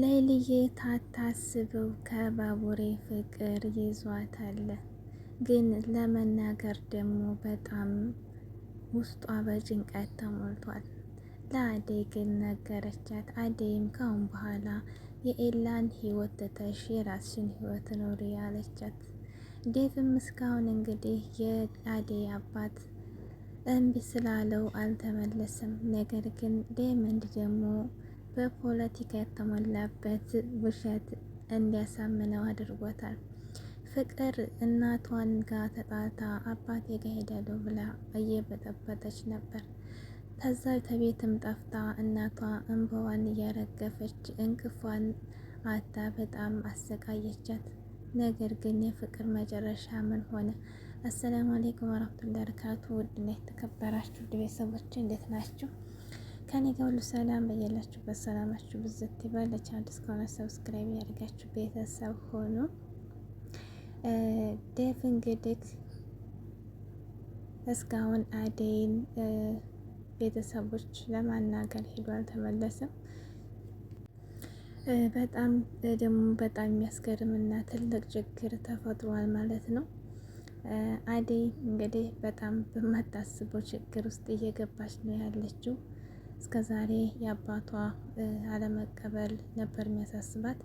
ሌሊዬ ታታስበው ከባቡሬ ፍቅር ይዟታል። ግን ለመናገር ደግሞ በጣም ውስጧ በጭንቀት ተሞልቷል። ለአደይ ግን ነገረቻት። አደይም ካሁን በኋላ የኤላን ህይወት ትተሽ የራስሽን ህይወት ኖሪ አለቻት። ዴቭም እስካሁን እንግዲህ የአደይ አባት እምቢ ስላለው አልተመለሰም። ነገር ግን ዴመንድ ደግሞ በፖለቲካ የተሞላበት ውሸት እንዲያሳምነው አድርጎታል። ፍቅር እናቷን ጋር ተጣልታ አባቴ ጋር ሄዳለሁ ብላ እየበጠበጠች ነበር። ከዛ ከቤትም ጠፍታ እናቷ እንባዋን እያረገፈች እንቅፏን አታ በጣም አሰቃየቻት። ነገር ግን የፍቅር መጨረሻ ምን ሆነ? አሰላሙ አለይኩም ወራህመቱላሂ ወበረካቱ። ውድና የተከበራችሁ ቤተሰቦች እንዴት ናችሁ? ከኔ ጋር ሁሉ ሰላም በያላችሁበት ሰላማችሁ ብዝት ይበል። ለቻናል እስከሆነ ሰብስክራይብ ያደርጋችሁ ቤተሰብ ሆኑ። ዴቭ እንግዲህ እስካሁን አደይን ቤተሰቦች ለማናገር ሄዶ አልተመለሰም። በጣም ደግሞ በጣም የሚያስገርምና ትልቅ ችግር ተፈጥሯል ማለት ነው። አደይ እንግዲህ በጣም በማታስበው ችግር ውስጥ እየገባች ነው ያለችው። እስከ ዛሬ የአባቷ አለመቀበል ነበር የሚያሳስባት።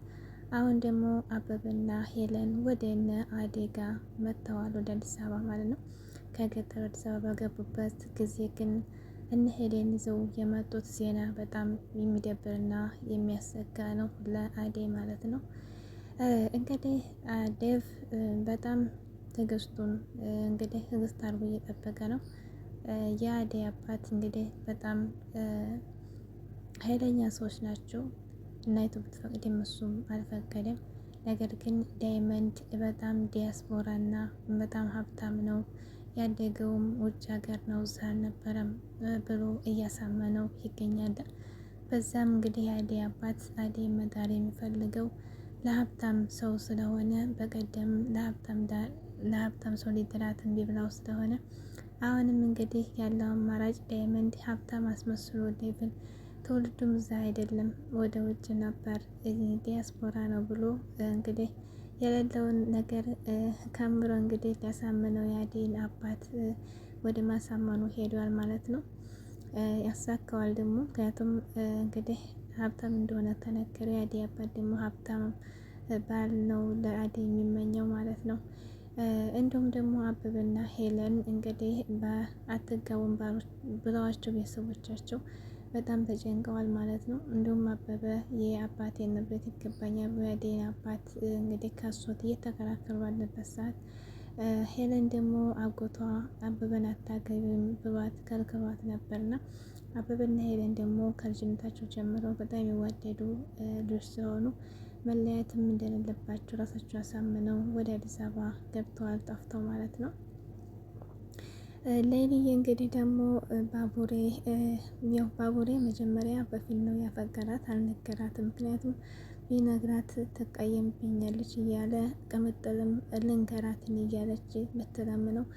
አሁን ደግሞ አበበና ሄለን ወደ እነ አዴጋ መጥተዋል፣ ወደ አዲስ አበባ ማለት ነው። ከገጠር አዲስ አበባ በገቡበት ጊዜ ግን እነ ሄለን ይዘው የመጡት ዜና በጣም የሚደብርና የሚያሰጋ ነው ለአዴ ማለት ነው። እንግዲህ ዴቭ በጣም ትዕግስቱን እንግዲህ ትዕግስት አድርጎ እየጠበቀ ነው። የአደይ አባት እንግዲህ በጣም ኃይለኛ ሰዎች ናቸው። እናይቱ ብትፈቅድም እሱም አልፈቀደም። ነገር ግን ዳይመንድ በጣም ዲያስፖራ እና በጣም ሀብታም ነው ያደገውም ውጭ ሀገር ነው እዛ አልነበረም ብሎ እያሳመነው ይገኛል። በዛም እንግዲህ የአደይ አባት አደይ መዳር የሚፈልገው ለሀብታም ሰው ስለሆነ በቀደም ለሀብታም ሰው ሊድራት እምቢ ብላው ስለሆነ አሁንም እንግዲህ ያለው አማራጭ ዳይመንድ ሀብታም አስመስሎ ዴቭን ትውልዱም እዛ አይደለም ወደ ውጭ ነበር ዲያስፖራ ነው ብሎ እንግዲህ የሌለውን ነገር ከምሮ እንግዲህ ሊያሳምነው የአዴን አባት ወደ ማሳመኑ ሄዷል ማለት ነው። ያሳካዋል ደግሞ ምክንያቱም እንግዲህ ሀብታም እንደሆነ ተነገረው። የአዴ አባት ደግሞ ሀብታም ባል ነው ለአዴ የሚመኘው ማለት ነው። እንዲሁም ደግሞ አበበና ሄለን እንግዲህ አትጋቡም ብለዋቸው ቤተሰቦቻቸው በጣም ተጨንቀዋል ማለት ነው። እንዲሁም አበበ የአባቴ ንብረት ይገባኛል ያዴን አባት እንግዲህ ከሶት እየተከራከሩ ባለበት ሰዓት ሄለን ደግሞ አጎቷ አበበን አታገቢም ብሏት ከልክሏት ነበርና አበበና ሄለን ደግሞ ከልጅነታቸው ጀምረው በጣም ይዋደዱ ልጅ ስለሆኑ መለያየትም እንደሌለባቸው ራሳቸው አሳምነው ወደ አዲስ አበባ ገብተዋል ጠፍተው ማለት ነው። ሌሊዬ እንግዲህ ደግሞ ባቡሬ ያው ባቡሬ መጀመሪያ በፊል ነው ያፈገራት፣ አልነገራትም። ምክንያቱም ቢነግራት ትቀየምብኛለች እያለ ቅምጥልም ልንገራትን እያለች ምትለምነው፣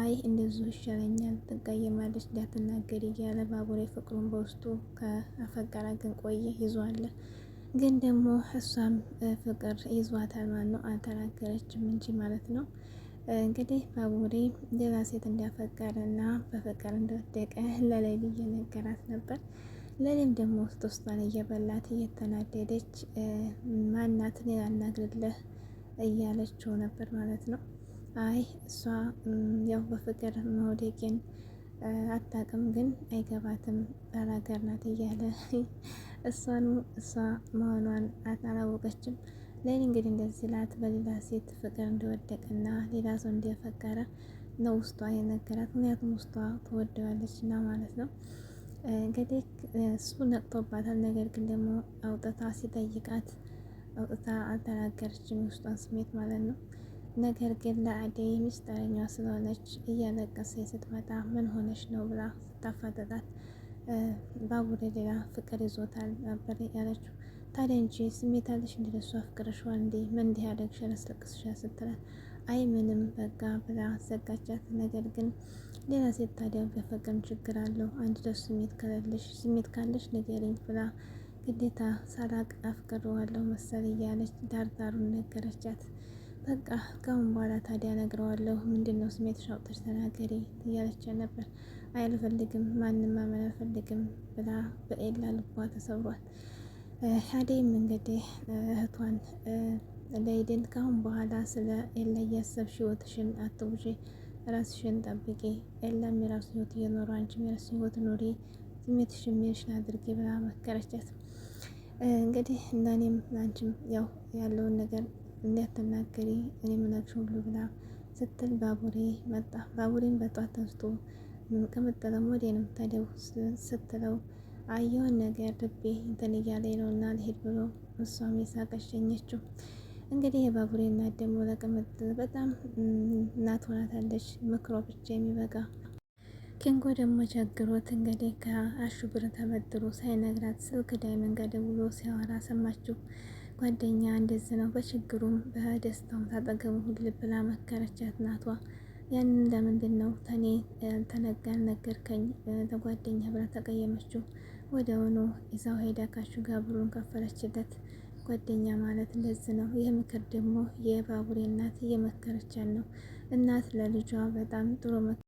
አይ እንደዚሁ ይሻለኛል፣ ትቀየማለች፣ እንዳትናገር እያለ ባቡሬ ፍቅሩን በውስጡ ከአፈቀራ ግን ቆየ ይዟለ ግን ደግሞ እሷም ፍቅር ይዟታል ማለት ነው። አልተናገረችም እንጂ ማለት ነው። እንግዲህ ባቡሬ ሌላ ሴት እንዳፈቀረ እና በፍቅር እንደወደቀ ለሌሊ እየነገራት ነበር። ለሌም ደግሞ ውስጥ ውስጧን እየበላት እየተናደደች ማናት ሌላ እናግርልህ እያለችው ነበር ማለት ነው። አይ እሷ ያው በፍቅር መውደቄን አታቅም ግን አይገባትም ባላገር ናት እያለ እሷን እሷ መሆኗን አላወቀችም። ሌሊ እንግዲህ እንደዚህ ላት በሌላ ሴት ፍቅር እንደወደቀና ሌላ ሰው እንደፈቀረ ነው ውስጧ የነገራት። ምክንያቱም ውስጧ ተወደዋለች እና ማለት ነው እንግዲህ እሱ ነቅቶባታል። ነገር ግን ደግሞ አውጥታ ሲጠይቃት አውጥታ አልተናገረችም፣ ውስጧን ስሜት ማለት ነው። ነገር ግን ለአደይ ምስጢረኛዋ ስለሆነች እያለቀሰ ስትመጣ ምን ሆነች ነው ብላ ስታፋጠጣት ባቡር ሌላ ፍቅር ይዞታል ነበር ያለችው። ታዲያ እንጂ ስሜት አለሽ እንደ ለሱ አፍቅረሽዋል እንዴ? ምን እንዲህ ያደረግሽ ያስለቅስሻል ስትላት አይ ምንም በቃ ብላ ዘጋቻት። ነገር ግን ሌላ ሴት ታዲያ በፈቅም ችግር አለው አንድ ደስ ስሜት ከለልሽ ስሜት ካለሽ ንገሪኝ ብላ ግዴታ ሳላቅ አፍቅረዋለሁ መሰል እያለች ዳርዳሩን ነገረቻት። በቃ ከአሁን በኋላ ታዲያ ነግረዋለሁ። ምንድን ነው ስሜት አውጥተሽ ተናገሪ እያለች ነበር። አይ አልፈልግም፣ ማንም ማመን አልፈልግም ብላ በኤላ ልቧ ተሰብሯል። አደይም እንግዲህ እህቷን ለይድን ከአሁን በኋላ ስለ ኤላ እያሰብሽ ህይወትሽን አትውጪ፣ ራስሽን ጠብቂ። ኤላም የራሱ ህይወት እየኖረ አንቺም የራሱ ህይወት ኑሪ፣ ስሜትሽን የሚልሽን አድርጊ ብላ መከረቻት። እንግዲህ እናኔም አንቺም ያው ያለውን ነገር እንዳትናገሪ እኔ የምነግርሽ ሁሉ ብላ ስትል ባቡሬ መጣ። ባቡሬን በጧት ተንስቶ ወዴ ነው ተደው ስትለው አየውን ነገር ልቤ እንትን እያለ ነውና ልሄድ ብሎ እሷም የሳቀች ሸኘችው። እንግዲህ የባቡሬ እናት ደግሞ ለቅምጥ በጣም እናት ሆናታለች። ምክሯ ብቻ የሚበቃ ኪንጎ ደግሞ ቸግሮት እንግዲህ ከአሹ ብር ተበድሮ ሳይነግራት ስልክ ዳይመን ጋር ደውሎ ሲያወራ ሰማችው። ጓደኛ እንደዚህ ነው፣ በችግሩም በደስታውም ታጠገቡ ሁል ብላ መከረቻት ናቷ። ያንን ለምንድን ነው ተኔ ተነጋን ነገርከኝ ለጓደኛ ብላ ተቀየመችው። ወደውኑ ይዛው ሄዳ ካሹ ጋር ብሩን ከፈለችለት። ጓደኛ ማለት እንደዚህ ነው። ይህ ምክር ደግሞ የባቡሬ እናት እየመከረቻት ነው። እናት ለልጇ በጣም ጥሩ